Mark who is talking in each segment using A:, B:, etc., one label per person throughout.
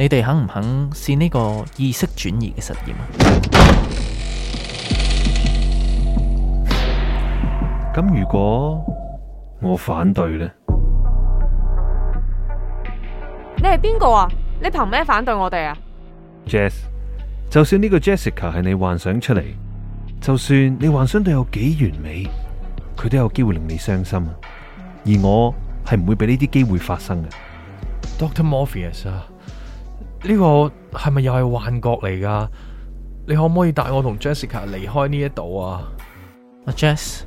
A: 你哋肯唔肯試呢個意識
B: 轉移嘅實驗啊？咁如果我反對呢？
C: 你係邊個啊？你憑咩反對我哋啊
B: ？Jess，就算呢個 Jessica 係你幻想出嚟，就算你幻想到有幾完美，佢都有機會令你傷心啊！而我係唔會俾呢啲機會發生嘅。
A: Doctor Morpheus 啊！呢個係咪又係幻覺嚟噶？你可唔可以帶我同 Jessica 離開呢一度啊？阿 Jess，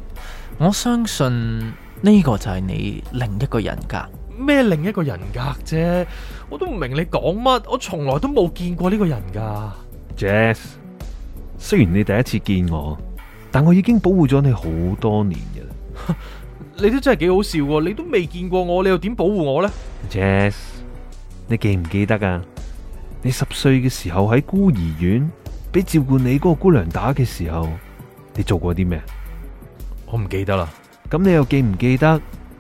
A: 我相信呢個就係你另一個人格。
B: 咩另
A: 一個人格啫？我都唔明你講乜，我從來都冇見過呢個人噶。
B: Jess，雖然你第一次見我，但我已經保護咗你好多年噶啦
A: 你都真係幾好笑，你都未見過我，你又點保護我咧
B: ？Jess，你記唔記得啊？你十歲嘅時候喺孤兒院俾照顧你嗰個姑娘打嘅時候，你做過啲咩？我唔記得啦。咁你又記唔記得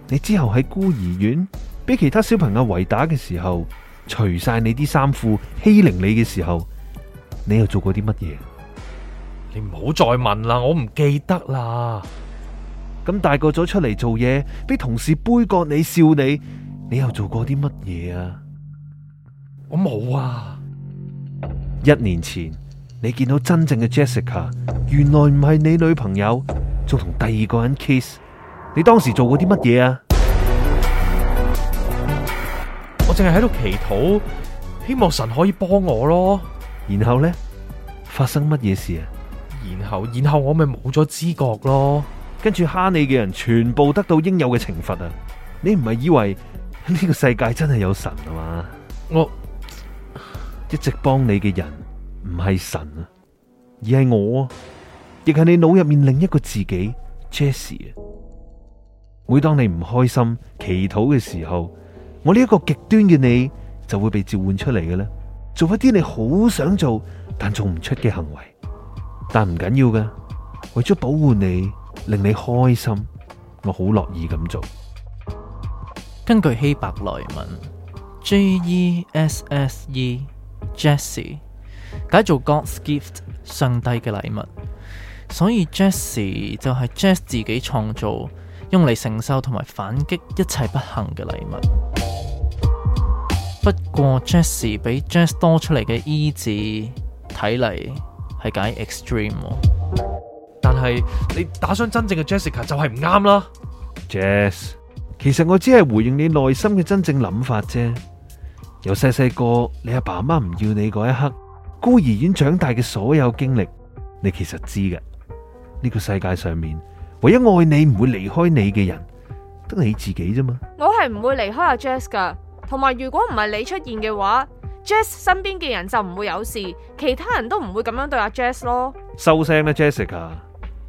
B: 你之後喺孤兒院俾其他小朋友圍打嘅時候，除晒你啲衫褲，欺凌你嘅時候，你又做過啲乜嘢？你唔好再問啦，我唔記得啦。咁大個咗出嚟做嘢，俾同事杯葛你笑你，你又做過啲乜嘢啊？我冇啊！一年前你見到真正嘅 Jessica，原來唔係你女朋友，仲同第二個人 kiss。你當時做過啲乜嘢啊？我淨係喺度祈禱，希望神可以幫我咯。然後呢，發生乜嘢事啊？然後，然後我咪冇咗知覺咯。跟住蝦你嘅人全部得到應有嘅懲罰啊！你唔係以為呢個世界真係有神啊嘛？我。一直幫你嘅人唔係神啊，而係我，亦係你腦入面另一個自己，Jesse 啊。每當你唔開心祈禱嘅時候，我呢一個極端嘅你就會被召喚出嚟嘅喇，做一啲你好想做但做唔出嘅行為。但唔緊要噶，為咗保護你，令你開心，我好樂意咁做。
A: 根據希伯來文，J E S S E。S S e Jesse 解做 God's gift 上帝嘅禮物，所以 Jesse 就係 Jess 自己創造，用嚟承受同埋反擊一切不幸嘅禮物。不過 Jesse 比 Jess 多出嚟嘅 E 字，睇嚟係解 extreme。但係你打傷真正嘅 Jessica 就係唔啱啦。
B: Jess、yes，其實我只係回應你內心嘅真正諗法啫。由細細個，你阿爸阿媽唔要你嗰一刻，孤兒院長大嘅所有經歷，你其實知嘅。呢個世界上面，唯一愛你唔會離開你嘅人，得你自己啫嘛。
C: 我係唔會離開阿 Jess 噶，同埋如果唔係你出現嘅話，Jess 身邊嘅人就唔會有事，其他人都唔會咁樣對阿 Jess 咯。
B: 收聲啦，Jessica，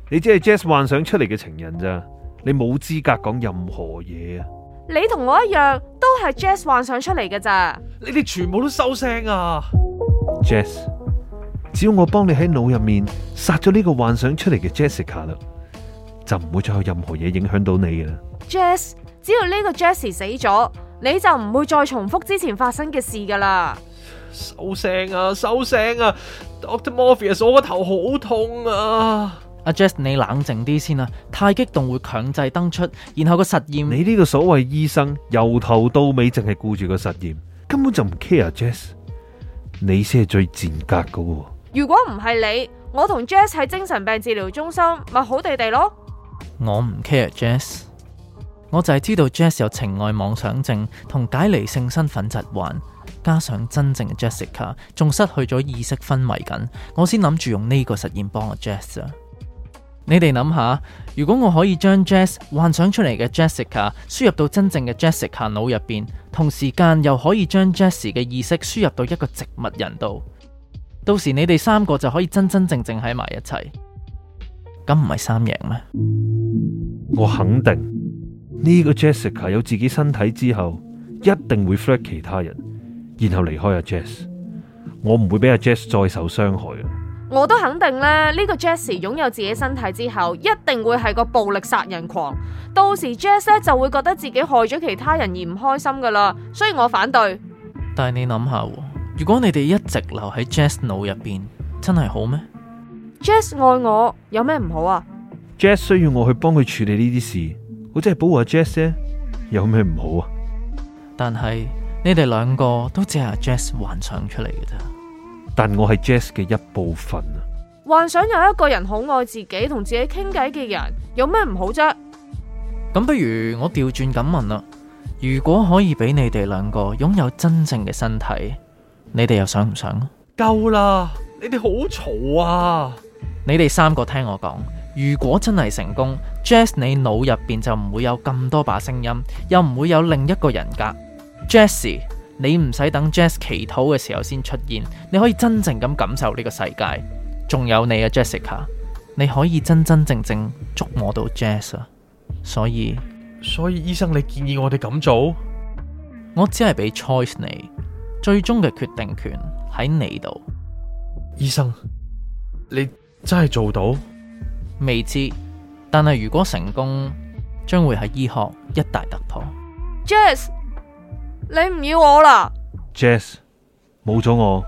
B: 你只係 Jess 幻想出嚟嘅情人咋，你冇資格講任何嘢啊！
C: 你同我一樣，都係 Jess 幻想出嚟嘅咋！你哋全部都收聲啊
B: ！Jess，只要我幫你喺腦入面殺咗呢個幻想出嚟嘅 Jessica 啦，就唔會再有任何嘢影響到你啦。
C: Jess，只要呢個 Jesse 死咗，你就唔會再重複之前發生嘅事噶啦。收聲啊，收聲啊，Doctor Morpheus，我個頭好痛啊！
A: 阿 Jess，你冷靜啲先啦，太
B: 激動會強制登出，然後個實驗。你呢個所謂醫生，由頭到尾淨係顧住個實驗，根本就唔 care。Jess，你先係最賤格噶。
C: 如果唔係你，我同 Jess 喺精神病治療中心咪好地地咯。
A: 我唔 care，Jess，我就係知道 Jess 有情愛妄想症同解離性身份疾患，加上真正嘅 Jessica 仲失去咗意識昏迷緊，我先諗住用呢個實驗幫阿 Jess 啊。你哋諗下，如果我可以將 Jess 幻想出嚟嘅 Jessica 輸入到真正嘅 Jessica 腦入邊，同時間又可以將 Jesse 嘅意識輸入到一個植物人度，到時你哋三個就可以真真正正喺埋一齊，
B: 咁唔係三贏咩？我肯定呢、這個 Jessica 有自己身體之後，一定會 firt 其他人，然後離開阿 Jess，我唔會俾阿 Jess 再受傷害
C: 我都肯定咧，呢、呢個 Jesse 擁有自己身體之後，一定會係個暴力殺人狂。到時 Jess 就會覺得自己害咗其他人而唔開心噶啦，所以我反對。
A: 但係你諗下，如果你哋一直留喺 Jess 腦入邊，
B: 真係好咩
C: ？Jess 愛我，有咩唔好啊
B: ？Jess 需要我去幫佢處理呢啲事，我只係保護阿 Jess 有咩唔好啊？但
A: 係你哋兩個都只係 Jess 幻想出嚟嘅咋。
B: 但我係 Jess
A: 嘅一部分
C: 啊！幻想有一個人好愛自己，同自己傾偈嘅人，有咩唔好啫？
A: 咁不如我調轉咁問啦，如果可以俾你哋兩個擁有真正嘅身體，你哋又想唔想？夠啦！你哋好嘈啊！你哋三個聽我講，如果真係成功，Jess 你腦入邊就唔會有咁多把聲音，又唔會有另一個人格 Jesse 你唔使等 Jess 祈禱嘅時候先出現，你可以真正咁感受呢個世界。仲有你啊，Jessica，你可以真真正正捉摸到 Jess 啊。所以，所以醫生，你建議我哋咁做？我只係俾 choice 你，最終嘅決定權喺你度。
B: 醫生，
A: 你真係做到？未知，但係如果成功，將會係醫學一大突破。
C: Jess。你唔要我啦
B: ，Jess，冇咗我，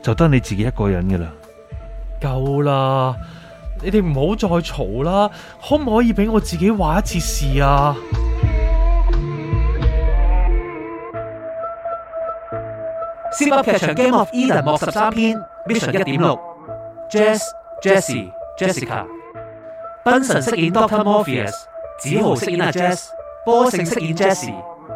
B: 就得你自己一個人嘅啦。
A: 夠啦，你哋唔好再嘈啦，可唔可以俾我自己話一次事啊？《Zip 噏劇場 Game of Eden》莫十三篇 Mission 一點六，Jess、Jesse、Jessica，Benson 飾演 Doctor Morpheus，子豪飾演阿 Jess，波盛飾演 Jesse。